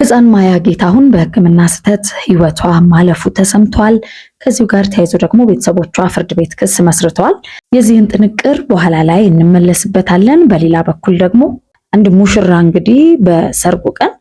ህፃን ማያ ጌታሁን በህክምና ስህተት ህይወቷ ማለፉ ተሰምቷል። ከዚሁ ጋር ተያይዞ ደግሞ ቤተሰቦቿ ፍርድ ቤት ክስ መስርተዋል። የዚህን ጥንቅር በኋላ ላይ እንመለስበታለን። በሌላ በኩል ደግሞ አንድ ሙሽራ እንግዲህ በሰርጉ ቀን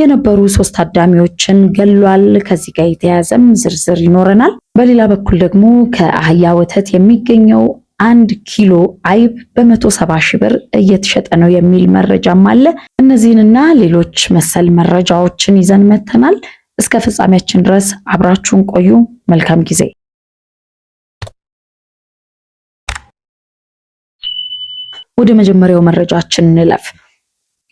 የነበሩ ሶስት ታዳሚዎችን ገሏል። ከዚህ ጋር የተያያዘም ዝርዝር ይኖረናል። በሌላ በኩል ደግሞ ከአህያ ወተት የሚገኘው አንድ ኪሎ አይብ በ170 ሺህ ብር እየተሸጠ ነው የሚል መረጃም አለ። እነዚህንና ሌሎች መሰል መረጃዎችን ይዘን መተናል። እስከ ፍጻሜያችን ድረስ አብራችሁን ቆዩ። መልካም ጊዜ። ወደ መጀመሪያው መረጃችን እንለፍ።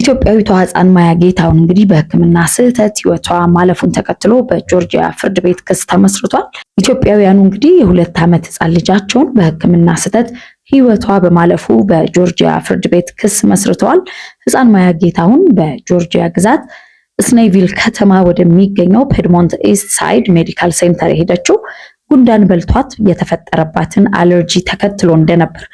ኢትዮጵያዊቷ ህፃን ማያ ጌታውን እንግዲህ በህክምና ስህተት ህይወቷ ማለፉን ተከትሎ በጆርጂያ ፍርድ ቤት ክስ ተመስርቷል። ኢትዮጵያውያኑ እንግዲህ የሁለት ዓመት ህፃን ልጃቸውን በህክምና ስህተት ህይወቷ በማለፉ በጆርጂያ ፍርድ ቤት ክስ መስርተዋል። ህፃን ማያ ጌታውን በጆርጂያ ግዛት ስኔቪል ከተማ ወደሚገኘው ፔድሞንት ኢስት ሳይድ ሜዲካል ሴንተር የሄደችው ጉንዳን በልቷት የተፈጠረባትን አለርጂ ተከትሎ እንደነበር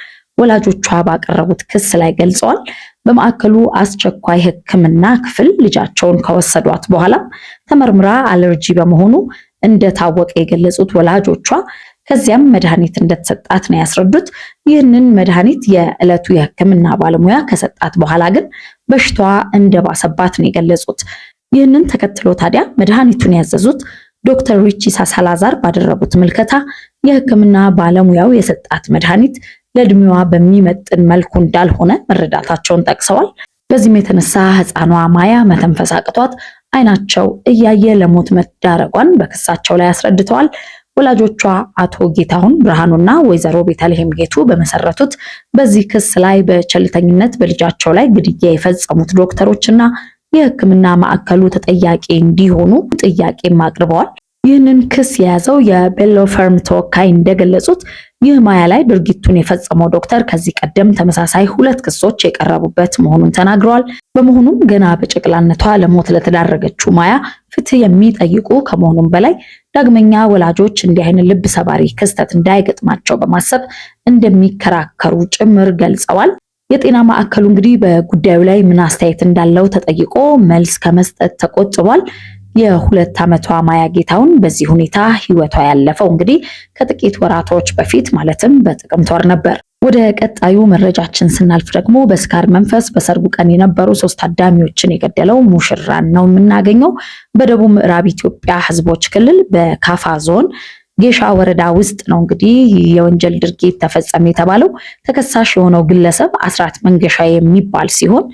ወላጆቿ ባቀረቡት ክስ ላይ ገልጸዋል። በማዕከሉ አስቸኳይ ሕክምና ክፍል ልጃቸውን ከወሰዷት በኋላ ተመርምራ አለርጂ በመሆኑ እንደታወቀ የገለጹት ወላጆቿ ከዚያም መድኃኒት እንደተሰጣት ነው ያስረዱት። ይህንን መድኃኒት የዕለቱ የሕክምና ባለሙያ ከሰጣት በኋላ ግን በሽታዋ እንደባሰባት ነው የገለጹት። ይህንን ተከትሎ ታዲያ መድኃኒቱን ያዘዙት ዶክተር ሪቺ ሳሳላዛር ባደረጉት ምልከታ የህክምና ባለሙያው የሰጣት መድኃኒት ለእድሜዋ በሚመጥን መልኩ እንዳልሆነ መረዳታቸውን ጠቅሰዋል። በዚህም የተነሳ ሕፃኗ ማያ መተንፈስ አቅቷት አይናቸው እያየ ለሞት መዳረጓን በክሳቸው ላይ አስረድተዋል። ወላጆቿ አቶ ጌታሁን ብርሃኑና ወይዘሮ ቤተልሔም ጌቱ በመሰረቱት በዚህ ክስ ላይ በቸልተኝነት በልጃቸው ላይ ግድያ የፈጸሙት ዶክተሮችና የሕክምና ማዕከሉ ተጠያቂ እንዲሆኑ ጥያቄም አቅርበዋል። ይህንን ክስ የያዘው የቤሎ ፈርም ተወካይ እንደገለጹት ይህ ማያ ላይ ድርጊቱን የፈጸመው ዶክተር ከዚህ ቀደም ተመሳሳይ ሁለት ክሶች የቀረቡበት መሆኑን ተናግረዋል። በመሆኑም ገና በጨቅላነቷ ለሞት ለተዳረገችው ማያ ፍትህ የሚጠይቁ ከመሆኑም በላይ ዳግመኛ ወላጆች እንዲህ አይነት ልብ ሰባሪ ክስተት እንዳይገጥማቸው በማሰብ እንደሚከራከሩ ጭምር ገልጸዋል። የጤና ማዕከሉ እንግዲህ በጉዳዩ ላይ ምን አስተያየት እንዳለው ተጠይቆ መልስ ከመስጠት ተቆጥቧል። የሁለት ዓመቷ ማያ ጌታውን በዚህ ሁኔታ ህይወቷ ያለፈው እንግዲህ ከጥቂት ወራቶች በፊት ማለትም በጥቅምት ወር ነበር። ወደ ቀጣዩ መረጃችን ስናልፍ ደግሞ በስካር መንፈስ በሰርጉ ቀን የነበሩ ሶስት ታዳሚዎችን የገደለው ሙሽራን ነው የምናገኘው። በደቡብ ምዕራብ ኢትዮጵያ ህዝቦች ክልል በካፋ ዞን ጌሻ ወረዳ ውስጥ ነው እንግዲህ የወንጀል ድርጊት ተፈጸመ የተባለው። ተከሳሽ የሆነው ግለሰብ አስራት መንገሻ የሚባል ሲሆን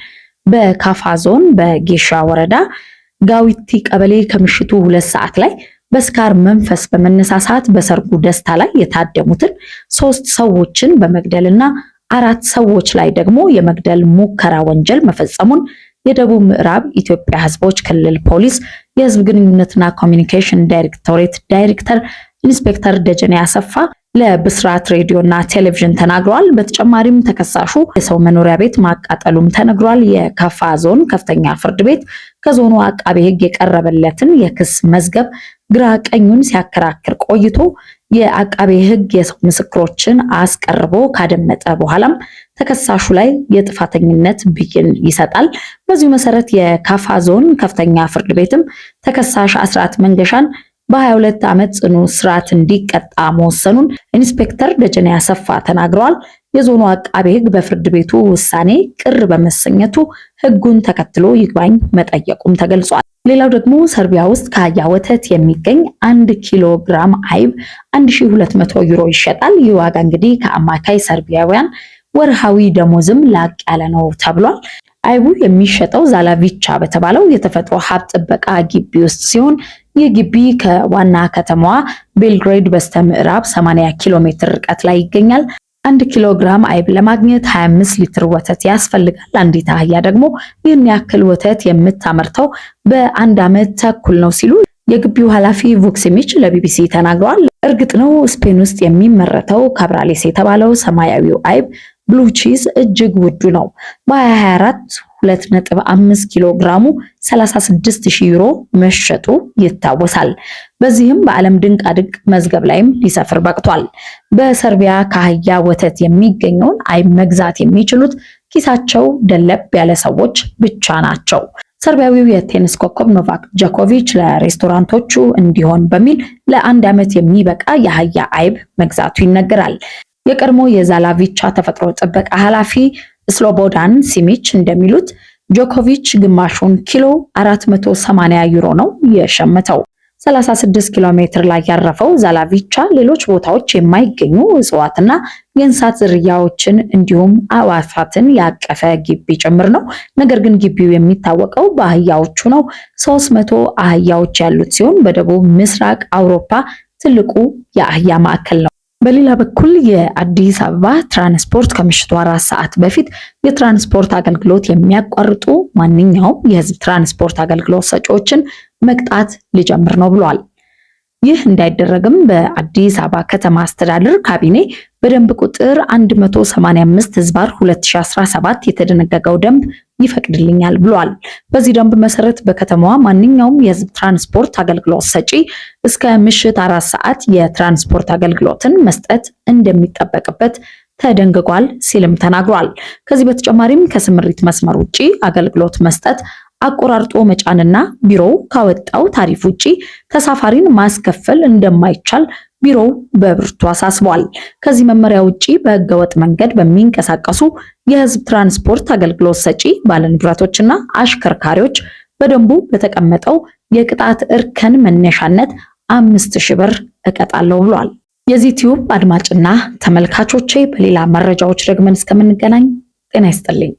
በካፋ ዞን በጌሻ ወረዳ ጋዊቲ ቀበሌ ከምሽቱ ሁለት ሰዓት ላይ በስካር መንፈስ በመነሳሳት በሰርጉ ደስታ ላይ የታደሙትን ሶስት ሰዎችን በመግደልና አራት ሰዎች ላይ ደግሞ የመግደል ሙከራ ወንጀል መፈጸሙን የደቡብ ምዕራብ ኢትዮጵያ ሕዝቦች ክልል ፖሊስ የሕዝብ ግንኙነትና ኮሚኒኬሽን ዳይሬክቶሬት ዳይሬክተር ኢንስፔክተር ደጀኔ ያሰፋ ለብስራት ሬዲዮ እና ቴሌቪዥን ተናግሯል። በተጨማሪም ተከሳሹ የሰው መኖሪያ ቤት ማቃጠሉም ተነግሯል። የካፋ ዞን ከፍተኛ ፍርድ ቤት ከዞኑ አቃቤ ሕግ የቀረበለትን የክስ መዝገብ ግራ ቀኙን ሲያከራክር ቆይቶ የአቃቤ ሕግ የሰው ምስክሮችን አስቀርቦ ካደመጠ በኋላም ተከሳሹ ላይ የጥፋተኝነት ብይን ይሰጣል። በዚሁ መሰረት የካፋ ዞን ከፍተኛ ፍርድ ቤትም ተከሳሽ አስራት መንገሻን በ22 ዓመት ጽኑ እስራት እንዲቀጣ መወሰኑን ኢንስፔክተር ደጀኔ አሰፋ ተናግረዋል። የዞኑ አቃቤ ሕግ በፍርድ ቤቱ ውሳኔ ቅር በመሰኘቱ ሕጉን ተከትሎ ይግባኝ መጠየቁም ተገልጿል። ሌላው ደግሞ ሰርቢያ ውስጥ ከአህያ ወተት የሚገኝ አንድ ኪሎ ግራም አይብ 1200 ዩሮ ይሸጣል። ይህ ዋጋ እንግዲህ ከአማካይ ሰርቢያውያን ወርሃዊ ደሞዝም ላቅ ያለ ነው ተብሏል። አይቡ የሚሸጠው ዛላቪቻ በተባለው የተፈጥሮ ሀብት ጥበቃ ግቢ ውስጥ ሲሆን ይህ ግቢ ከዋና ከተማዋ ቤልግሬድ በስተ ምዕራብ 80 ኪሎ ሜትር ርቀት ላይ ይገኛል። አንድ ኪሎ ግራም አይብ ለማግኘት 25 ሊትር ወተት ያስፈልጋል። አንዲት አህያ ደግሞ ይህን ያክል ወተት የምታመርተው በአንድ ዓመት ተኩል ነው ሲሉ የግቢው ኃላፊ ቮክሲሚች ለቢቢሲ ተናግረዋል። እርግጥ ነው ስፔን ውስጥ የሚመረተው ካብራሌስ የተባለው ሰማያዊው አይብ ብሉ ቺዝ እጅግ ውዱ ነው። በ24 2.5 ኪሎ ግራሙ 36000 ዩሮ መሸጡ ይታወሳል። በዚህም በዓለም ድንቃ ድንቅ መዝገብ ላይም ሊሰፍር በቅቷል። በሰርቢያ ከአህያ ወተት የሚገኘውን አይብ መግዛት የሚችሉት ኪሳቸው ደለብ ያለ ሰዎች ብቻ ናቸው። ሰርቢያዊው የቴኒስ ኮከብ ኖቫክ ጆኮቪች ለሬስቶራንቶቹ እንዲሆን በሚል ለአንድ ዓመት የሚበቃ የአህያ አይብ መግዛቱ ይነገራል። የቀድሞ የዛላቪቻ ተፈጥሮ ጥበቃ ኃላፊ ስሎቦዳን ሲሚች እንደሚሉት ጆኮቪች ግማሹን ኪሎ 480 ዩሮ ነው የሸመተው። 36 ኪሎ ሜትር ላይ ያረፈው ዛላቪቻ ሌሎች ቦታዎች የማይገኙ እጽዋትና የእንስሳት ዝርያዎችን እንዲሁም አዕዋፋትን ያቀፈ ግቢ ጭምር ነው። ነገር ግን ግቢው የሚታወቀው በአህያዎቹ ነው። 300 አህያዎች ያሉት ሲሆን በደቡብ ምስራቅ አውሮፓ ትልቁ የአህያ ማዕከል ነው። በሌላ በኩል የአዲስ አበባ ትራንስፖርት ከምሽቱ አራት ሰዓት በፊት የትራንስፖርት አገልግሎት የሚያቋርጡ ማንኛውም የህዝብ ትራንስፖርት አገልግሎት ሰጪዎችን መቅጣት ሊጀምር ነው ብሏል። ይህ እንዳይደረግም በአዲስ አበባ ከተማ አስተዳደር ካቢኔ በደንብ ቁጥር 185 ህዝባር 2017 የተደነገገው ደንብ ይፈቅድልኛል ብሏል። በዚህ ደንብ መሰረት በከተማዋ ማንኛውም የህዝብ ትራንስፖርት አገልግሎት ሰጪ እስከ ምሽት አራት ሰዓት የትራንስፖርት አገልግሎትን መስጠት እንደሚጠበቅበት ተደንግጓል ሲልም ተናግሯል። ከዚህ በተጨማሪም ከስምሪት መስመር ውጪ አገልግሎት መስጠት አቆራርጦ መጫንና ቢሮው ካወጣው ታሪፍ ውጪ ተሳፋሪን ማስከፈል እንደማይቻል ቢሮው በብርቱ አሳስቧል። ከዚህ መመሪያ ውጪ በህገወጥ መንገድ በሚንቀሳቀሱ የህዝብ ትራንስፖርት አገልግሎት ሰጪ ባለንብረቶችና አሽከርካሪዎች በደንቡ በተቀመጠው የቅጣት እርከን መነሻነት አምስት ሺህ ብር እቀጣለሁ ብሏል። የዚህ ቲዩብ አድማጭና ተመልካቾቼ በሌላ መረጃዎች ደግመን እስከምንገናኝ ጤና ይስጥልኝ።